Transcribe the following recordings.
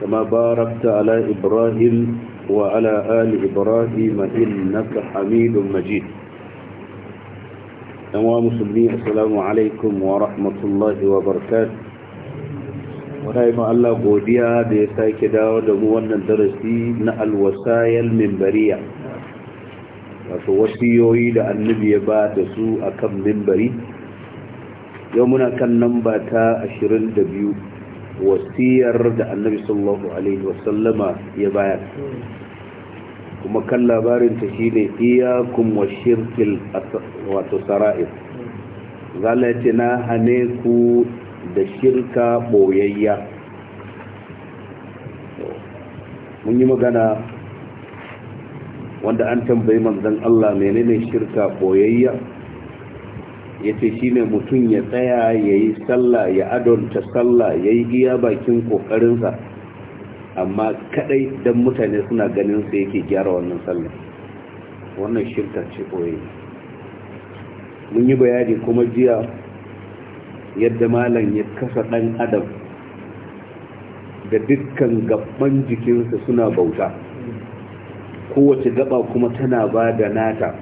كما باركت على إبراهيم وعلى آل إبراهيم إنك حميد مجيد أموى مسلمين السلام عليكم ورحمة الله وبركاته ونعم الله قوديا بيساك داود موانا درسي نأل وسايا المنبرية وسيوي لأنبي بعد سوء كم منبري يومنا كان نمبتا أشرين دبيو wasiyar da annabi sallallahu alaihi wasallama ya bayar kuma kan labarin ta shine iyakum wa shirkil wato sara'ir zala ce na hane ku da shirka boyayya mun yi magana wanda an tambayi manzon Allah menene shirka boyayya Yace ce shi ne mutum ya tsaya ya yi sallah ya adonta sallah ya yi iya bakin kokarinsa amma kadai don mutane suna ganin sa yake gyara wannan sallah wannan shirka ce koyi mun yi bayani kuma jiya yadda malam ya kasa dan adam da dukkan gaban jikinsa suna bauta kowace gaba kuma tana ba da nata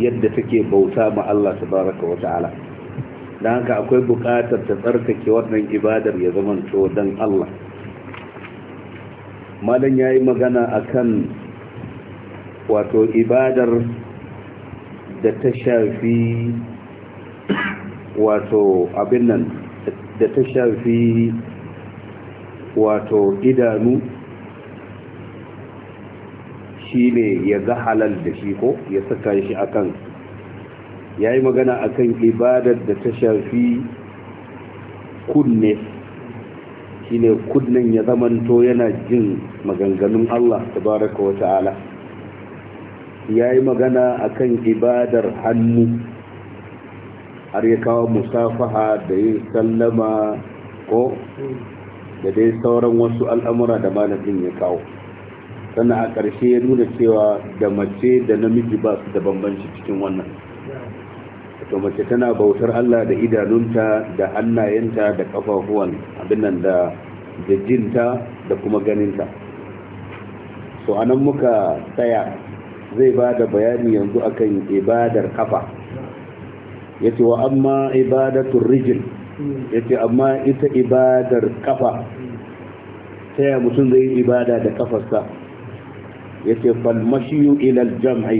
yadda take bauta ma Allah tabaraka wa ta'ala dan haka akwai buƙatar ta tsarkake wannan ibadar ya zama to dan Allah malam yayi magana akan wato ibadar da ta shafi wato abin nan da ta shafi wato idanu shi ne ya ga halal da shi ko ya saka shi a kan ya yi magana a kan ibadar da ta shafi kunne shi ne kunnen ya zamanto yana jin maganganun Allah tabaraka wa ta'ala ya yi magana a kan ibadar hannu har ya kawo musafaha da yin sallama ko da dai sauran wasu al'amura da malamin ya kawo sannan a ƙarshe ya nuna cewa da mace da namiji ba su da bambanci cikin wannan to mace tana bautar Allah da idanunta da hannayenta da kafafuwan abin nan da jinta da kuma ganinta so anan muka tsaya zai ba da bayani yanzu akan ibadar kafa ya ce wa amma ibadatun rijin ya ce amma ita ibadar kafa ta mutum zai yi ibada da kafarsa yace fal mashiyu ila jam'i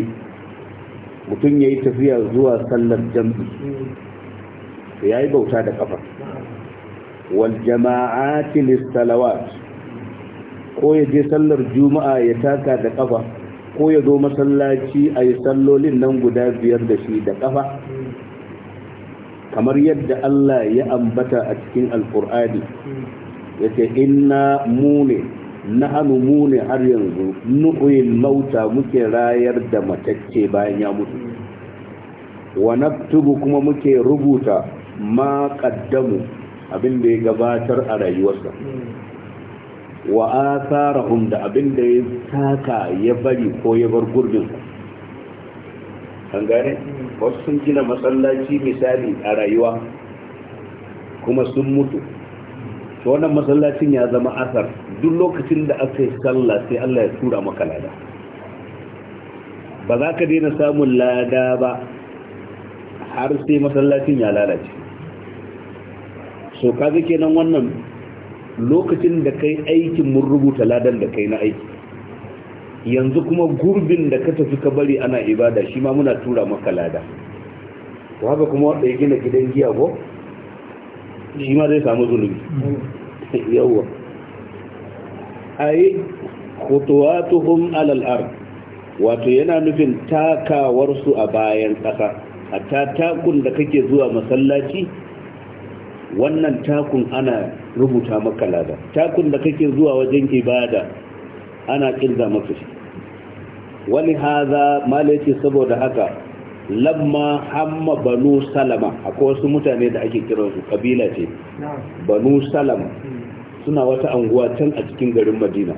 mutum yayi tafiya zuwa sallar jam'i Ya yi bauta da kafa wal jama'ati lis ko ya je sallar juma'a ya taka da kafa ko ya zo masallaci a yi sallolin nan guda biyar da shi da kafa kamar yadda Allah ya ambata a cikin alkur'ani ya ce inna mu ne na hannu mu ne har yanzu nuhuyin mauta muke rayar da matacce bayan ya mutu wa naktubu kuma muke rubuta ma kaddamu abin da ya gabatar a rayuwarsa wa asarahum da abin da ya taka ya bari ko ya bar gurbin an wasu sun gina masallaci misali a rayuwa kuma sun mutu to wannan masallacin ya zama asar duk lokacin da aka yi sallah sai Allah ya tura maka lada ba za ka daina samun lada ba har sai masallacin ya lalace so ka kaga kenan wannan lokacin da kai aikin mun rubuta ladan da kai na aiki yanzu kuma gurbin da ka tafi ka bari ana ibada shi ma muna tura maka lada to haka kuma wanda ya gina gidan giya ko shi ma zai samu zunubi yawwa ai khutuwatuhum alal ard wato yana nufin takawarsu a bayan ƙasa hatta takun da kake zuwa masallaci wannan takun ana rubuta maka lada takun da kake zuwa wajen ibada ana kirga maka shi wani haza malaci saboda haka lamma hamma banu salama akwai wasu mutane da ake su kabila ce banu salama suna wata anguwa can a cikin garin madina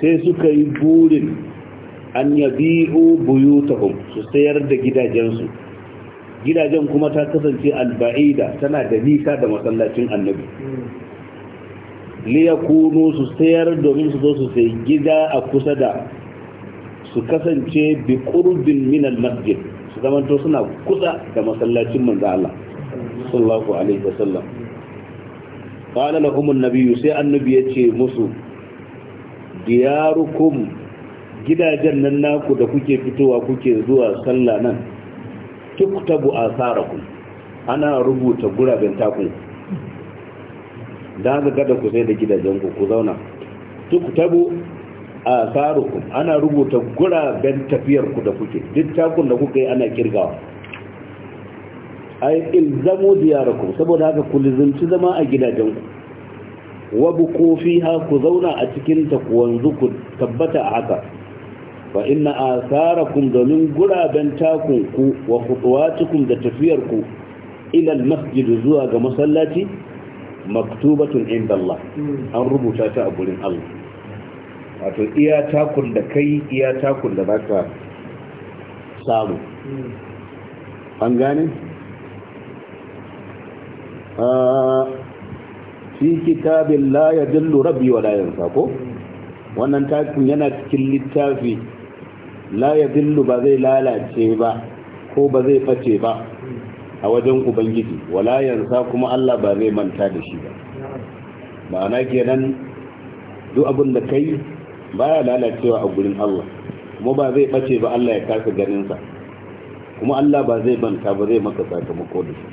sai suka yi burin an yabi'u buyutahum su sayar da gidajensu gidajen kuma ta kasance alba'ida tana da nisa da masallacin annabi Liya liyakunu su sayar domin su zo su sai gida a kusa da su kasance bi qurbin min masjid su zamanto suna kusa da masallacin manzo Allah sallallahu alaihi wasallam qala lahum an-nabiy sai annabi yace musu diyarukum gidajen nan naku da kuke fitowa kuke zuwa sallah nan tuktabu asarakum ana rubuta guraben taku. da ga da ku sai da gidajen ku ku zauna tuktabu A asarukum ana rubuta guraben tafiyar da kuke duk takun da kuka yi ana kirgawa ay ilzamu diyarakum saboda haka ku lizinci zama a gidajen ku wa buku fiha ku zauna a cikin ta ku wanzu ku tabbata a haka fa inna asarakum domin guraben takun wa khutuwatukum da tafiyarku, ku ila zuwa ga masallaci maktubatun inda Allah an rubuta ta a gurin Allah wato iya takun da kai iya takun da zaka samu an gane fi kitabin la ya dillu rabbi wa la yansa wannan takun yana cikin littafi la ya dillu ba zai lalace ba ko ba zai face ba a wajen ubangiji wala yansa kuma Allah ba zai manta da shi ba ma'ana kenan duk abin da kai baya lalacewa a gurin Allah kuma ba zai bace ba Allah ya kasa ganinsa kuma Allah ba zai banta ba zai maka sakamako da shi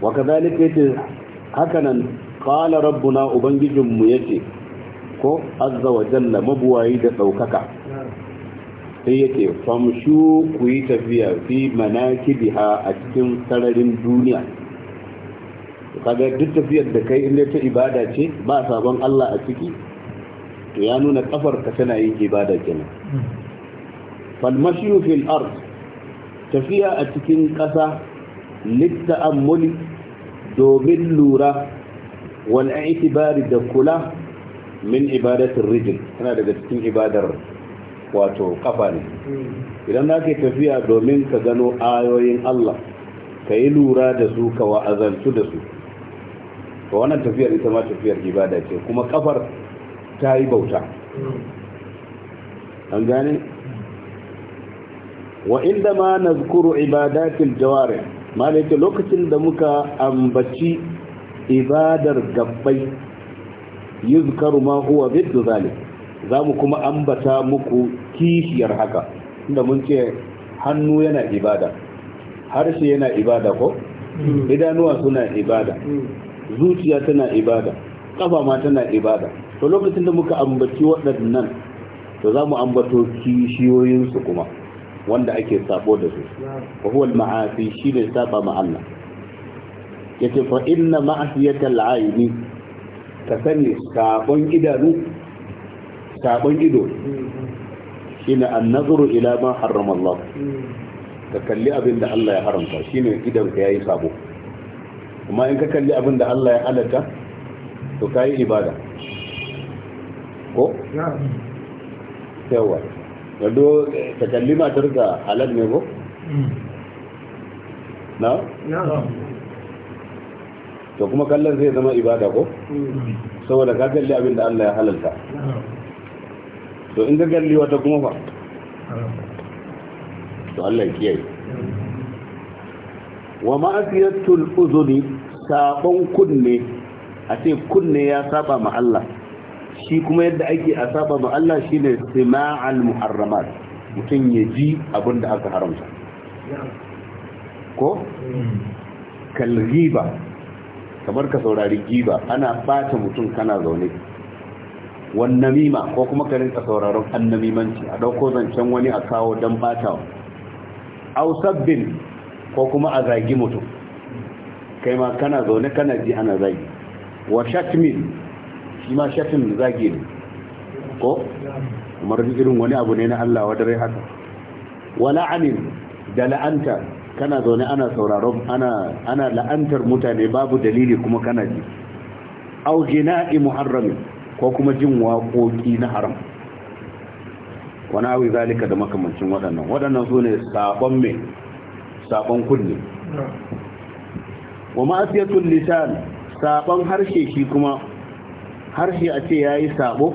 wa kadhalika yace haka nan qala rabbuna mu yace ko azza wa jalla mabuwayi da daukaka sai yace famshu ku yi tafiya fi manakibiha a cikin sararin duniya kaga duk tafiyar da kai inda ta ibada ce ba sabon Allah a ciki to ya nuna kafar ka tana yin ibada kenan falmashiyu fil ard tafiya a cikin ƙasa litta'ammuli domin lura wal i'tibari da kula min ibadatin rijil tana daga cikin ibadar wato kafa ne idan za ka tafiya domin ka gano ayoyin Allah ka yi lura da su ka wa'azantu da su wannan tafiyar ita ma tafiyar ibada ce kuma kafar ta yi bauta an gane wa inda ma na zukuru ibadatil jawarin malaita lokacin da muka ambaci ibadar gabbai yi zukaru ma huwa biddu zalik za mu kuma ambata muku kishiyar haka inda mun ce hannu yana ibada harshe yana ibada ko hmm. idanuwa suna ibada hmm. zuciya tana ibada kafa ma tana ibada to lokacin da muka ambaci waɗannan to za mu ambato kishiyoyinsu kuma wanda ake sabo da su wa huwa al-ma'asi shine saba ma Allah yace fa inna ma'asiyata al-aini ka sani sabon idanu sabon ido shine an-nazru ila ma harrama Allah ka kalli abin da Allah ya haramta shine idan ka yayi sabo kuma in ka kalli abin da Allah ya halatta to kai ibada ko yawa gado ta kalli matar halal ne ko na? to kuma kallon zai zama ibada ko mm. saboda ka kalli abin da Allah ya halalta to in ka kalli wata kuma fa to Allah ya kiyaye mm. wa ma'asiyatul uzuni sabon kunne a ce kunne ya saba ma Allah shi kuma yadda ake a saba ma Allah shi ne sima'al muharramat mutum ya ji abin da aka haramta ko kalgiba kamar ka saurari giba ana bata mutum kana zaune wannan ko kuma ka rinka sauraron annamimanci a dauko zancen wani a kawo don batawa au sabbin ko kuma a zagi mutum kai ma kana zaune kana ji ana zagi wa shatmin shi ma shafin zagi ne ko kamar irin wani abu ne na Allah wa dare haka wala anin da la'anta kana zaune ana sauraron ana ana la'antar mutane babu dalili kuma kana ji au jina'i muharrami ko kuma jin waƙoƙi na haram wani awi zalika da makamancin waɗannan waɗannan su ne sabon mai sabon kunne wa ma'asiyatul lisan sabon harshe shi kuma harshe a ce ya yi sabo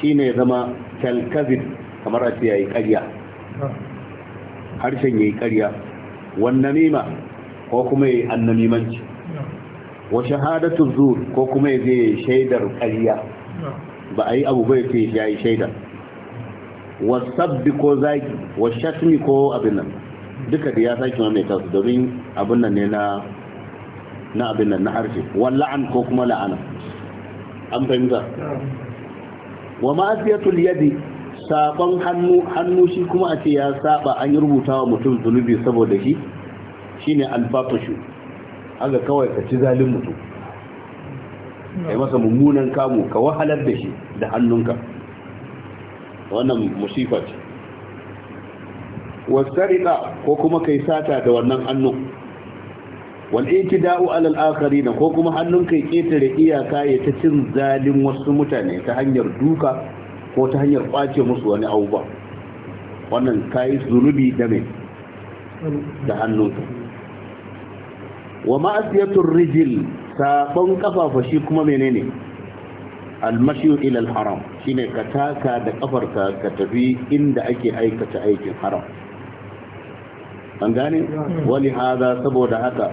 shi ne zama kalkazin kamar a ce ya yi karya harshen ya yi karya wannan nima ko kuma ya yi annamimanci wa shahadatun zuwa ko kuma ya je shaidar karya ba a yi abu bai ce ya yi shaidar wa sabbi ko zagi wa shatmi ko abin nan duka da ya sake mai tasu, domin abin nan ne na na abin nan na harshe wa la'an ko kuma la'ana an fahimta wa ma'asiyatul yadi sabon hannu hannu shi kuma a ce ya saba an yi rubuta wa mutum zunubi saboda shi shi ne alfatashu aga kawai ka ci zalin mutum kai masa mummunan kamu ka wahalar da shi da hannunka wannan musifa ce wasarika ko kuma kai sata da wannan hannun wal itida'u alal akharin ko kuma hannun kai ketare iyaka ya ta cin zalin wasu mutane ta hanyar duka ko ta hanyar kwace musu wani abubuwa wannan kai zunubi da mai da hannunka wa ma'asiyatur rijil sabon kafafa shi kuma menene almashiyu ila haram shine ka taka da kafarka ka tafi inda ake aikata aikin haram an gane wali hada saboda haka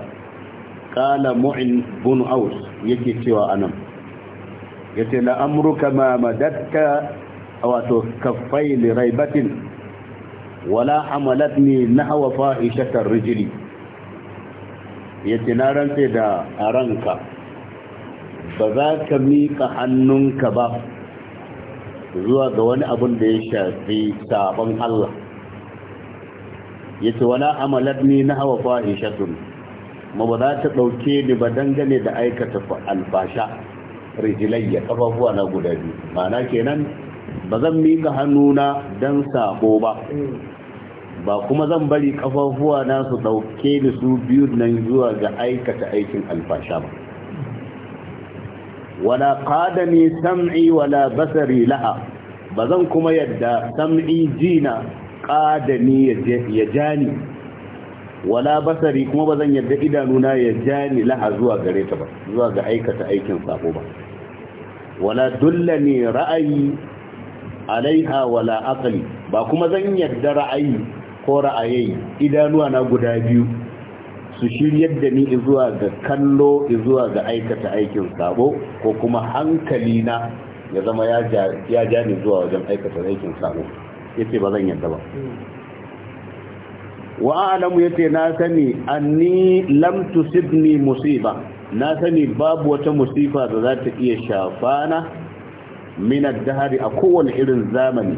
kala mu'in bin aus yake cewa anan yace la amruka ma madatka wato kaffai li raibatin wala hamalatni nahwa fahishatar rijli yace na rantse da ranka ba za ka miƙa hannunka ba zuwa ga wani abin da ya shafi sabon Allah yace wala hamalatni nahwa fahishatun ma ba za ta ɗauke ni ba dangane da aikata albasha rijilayya kafafuwa na guda biyu ma'ana kenan ba zan miƙa hannuna dan sabo ba ba kuma zan bari ƙafafuwa na su ɗauke ni su biyu nan zuwa ga aikata aikin albasha ba wala qadami sam'i wala basari laha ba zan kuma yadda sam'i jina ƙada ni ya jani wala basari kuma ba zan yarda idanuna ya jani laha zuwa gare ta ba zuwa ga aikata aikin sako ba wala ne ra'ayi alaiha wala aqli ba kuma zan yarda ra'ayi ko ra'ayi idanuwa na guda biyu su shiryar da ni zuwa ga kallo zuwa ga aikata aikin sako ko kuma hankali na ya zama ya ja ni zuwa wajen aikata aikin sabo yace ba zan yarda ba hmm. wa alamu yace na sani anni lam tusibni musiba na sani babu wata musifa da za ta iya shafana min ad-dahri a kowane irin zamani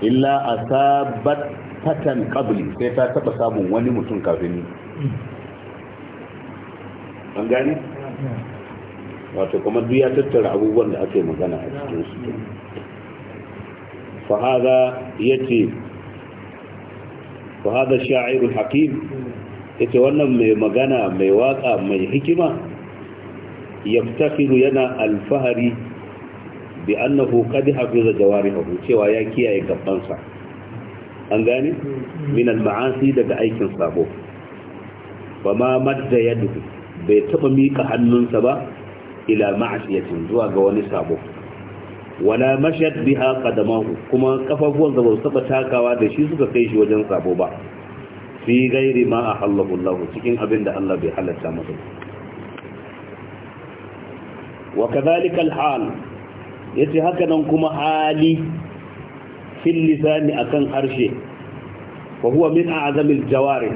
illa asabat fatan qabli sai ta taba samun wani mutum kafin an wato kuma duk ya tattara abubuwan da ake magana a cikin su fa hada yace wa hada sha'irul hakim yace wannan mai magana mai waka mai hikima yaftakiru yana alfahari bi annahu kadi hafiza jawarihu cewa ya kiyaye gabansa an gane min al-ma'asi daga aikin sabo ba ma madda yadu bai taba mika hannunsa ba ila ma'asiyatin zuwa ga wani sabo wala mashad biha qadamahu kuma kafafuwan da ba su takawa da shi suka kai shi wajen sabo ba fi gairi ma ahallahu Allah cikin abin da Allah bai halatta masa wa kadhalika al-hal yace haka nan kuma hali fil lisani akan harshe wa huwa min a'zamil jawari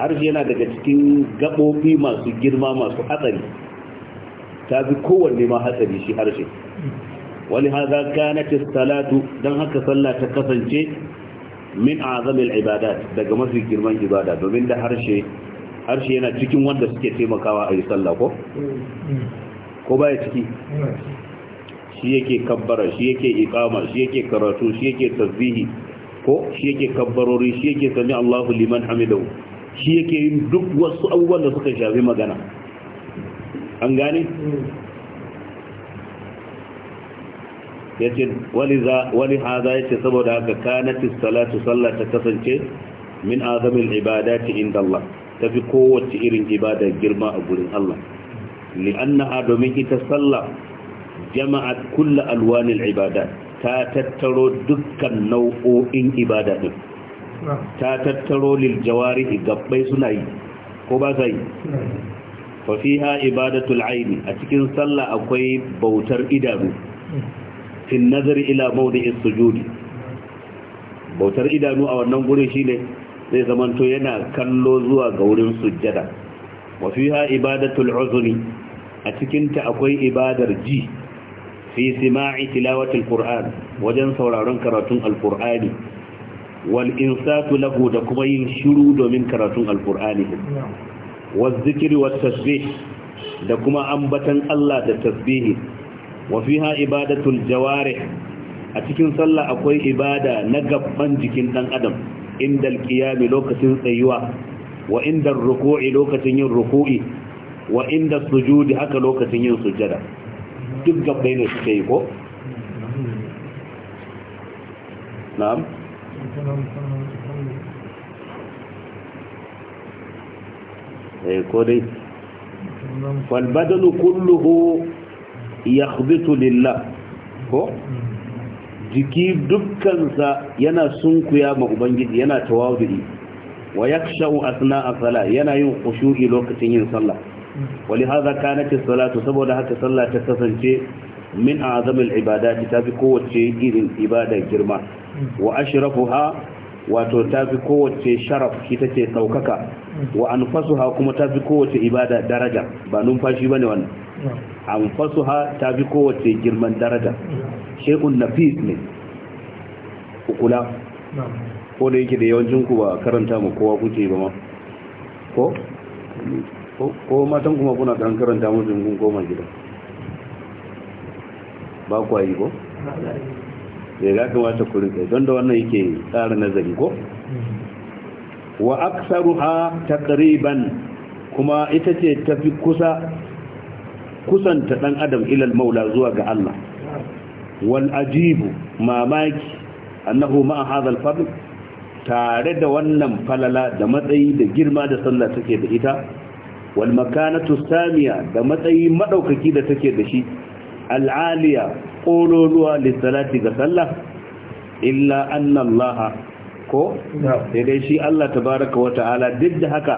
harshe yana daga cikin gabobi masu girma masu hatsari ta fi kowanne ma hatsari shi harshe wani haza kanatis talatu dan haka sallah ta kasance min azamil ibada daga mafi girman ibada domin da harshe yana cikin wanda suke taimakawa a yi sallah ko? ko baya ciki shi yake kabbara shi yake ikama shi yake karatu shi yake tasbihi ko shi yake kabbarori shi yake sami Allahu liman hamidahu shi yake yin duk wasu abubuwan da suka shafi magana an gane yace wani haza saboda haka kanati salatu sallah ta kasance min azamil ibadati inda Allah tafi kowace irin ibada girma a gurin Allah li'annaha domin ita sallah jama'a kulla alwanin ibada ta tattaro dukkan nau'o'in ibada din ta tattaro lil jawarihi gabbai suna yi ko ba sai fa fiha ibadatul aini a cikin sallah akwai bautar idanu hmm. fin nazari ila mawdi'is sujudi bautar idanu a wannan gurin shine zai zamanto yana kallo zuwa ga wurin sujjada wa fiha ibadatul uzri a cikin ta akwai ibadar ji fi sima'i tilawatil qur'an wajen sauraron karatun alqur'ani wal insatu lahu da kuma yin shiru domin karatun alqur'ani wa zikri wa tasbih da kuma ambatan Allah da tasbihi wa fiha ibadatul jawarih a cikin sallah akwai ibada na gaban jikin dan adam inda alqiyami lokacin tsayuwa wa inda ruku'i lokacin yin ruku'i wa inda sujudi haka lokacin yin sujada duk gabbai ne suke yi ko na'am eh ko dai fal badalu kulluhu yakhbitu lillah ko jiki dukkansa yana sunkuya ma ubangiji yana tawadu'i wa yakshau asna asala yana yin khushu'i lokacin yin sallah wali hadha kanat as-salatu saboda haka sallah ta kasance min azam al-ibadati tafi kowace irin ibada girma wa ashrafuha wato tafi kowace sharaf shi take saukaka wa anfasuha kuma tafi kowace ibada daraja ba numfashi bane wannan ha ta bi kowace girman daraja shekun fi ne kula ko da yake da yawancin ku ba karanta mu kowa kuke ba ma ko ko matan kuma kuna kan karanta mu kun goma gida ba ku yi ko da ya kamata ku rinka don da wannan yake tsara nazari ko mm-hmm. wa ha taqriban kuma ita ce tafi kusa kusanta dan adam ilal maula zuwa ga Allah wal ajibu mamaki annahu ma hadha al fadl tare da wannan falala da matsayi da girma da sallah take da ita wal makanatu samiya da matsayi madaukaki da take da shi al aliya qululuwa lis salati ga sallah illa anna Allah ko sai dai shi Allah tabaaraka wa ta'ala duk da haka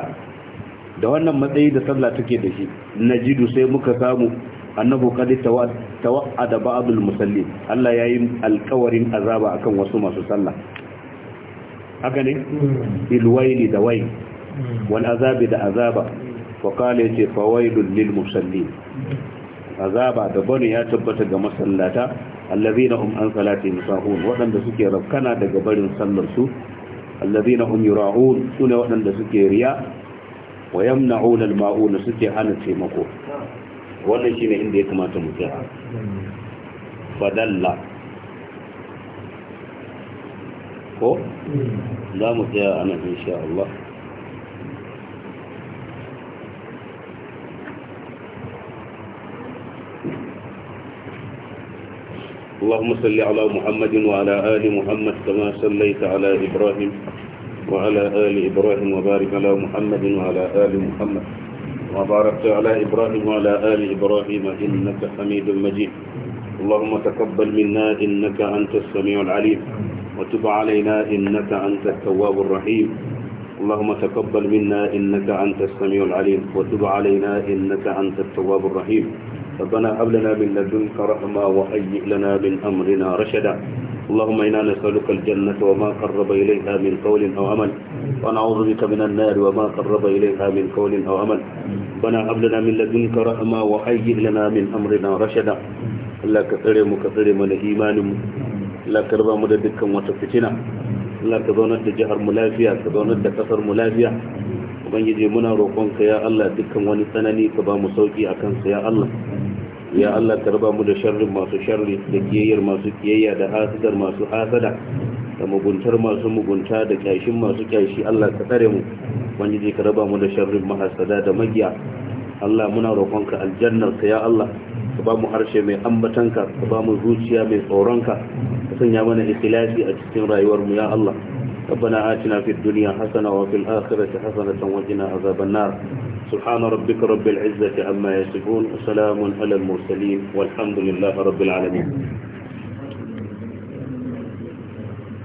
da wannan matsayi da sallah take da shi najidu sai muka samu annabu qad tawa'ada ba'd al-musallin Allah yayi alƙawarin azaba akan wasu masu sallah haka ne hmm. ilwaili da wai hmm. wal azabi da azaba wa qala yace fawailul lil musallin azaba da Bani ya tabbata ga masallata allazina hum an salatihim sahun wadanda suke rabkana daga barin sallar su allazina hum yura'un sune wadanda suke riya ويمنعون المعول ستي حال في مقول wannan shi ne inda ya kamata mu tsaya fadalla ko za mu tsaya a nan insha Allah اللهم صل على محمد وعلى آل محمد كما صليت على إبراهيم وعلى آل إبراهيم وبارك على محمد وعلى آل محمد وباركت على إبراهيم وعلى آل إبراهيم إنك حميد مجيد اللهم تقبل منا إنك أنت السميع العليم وتب علينا إنك أنت التواب الرحيم اللهم تقبل منا إنك أنت السميع العليم وتب علينا إنك أنت التواب الرحيم ربنا هب لنا من لدنك رحمة وهيئ لنا من أمرنا رشدا اللهم إنا نسألك الجنة وما قرب إليها من قول أو عمل ونعوذ بك من النار وما قرب إليها من قول أو عمل ربنا هب لنا من لدنك رحمة وهيئ لنا من أمرنا رشدا الله كثير مكثر من إيمان الله كرب مددك وتفتنا Allah ka zaunar da jihar mu lafiya ka zaunar da kasar mu lafiya ubangiji muna roƙonka ya Allah dukkan wani tsanani ka ba mu sauki akan sa ya Allah ya Allah karba mu da sharrin masu sharri da kiyayyar masu kiyayya da hasidar masu hasada da muguntar masu mugunta da kyashin masu kyashi Allah ka tsare mu wanda ka karba mu da sharrin mahasada da magiya Allah muna roƙonka aljannar ka ya Allah ka ba mu harshe mai ambatanka ka ba mu zuciya mai tsoronka ka sanya mana ikhlasi a cikin rayuwar mu ya Allah ربنا آتنا في الدنيا حسنة وفي الآخرة حسنة وقنا عذاب النار سبحان ربك رب العزة عما يصفون وسلام على المرسلين والحمد لله رب العالمين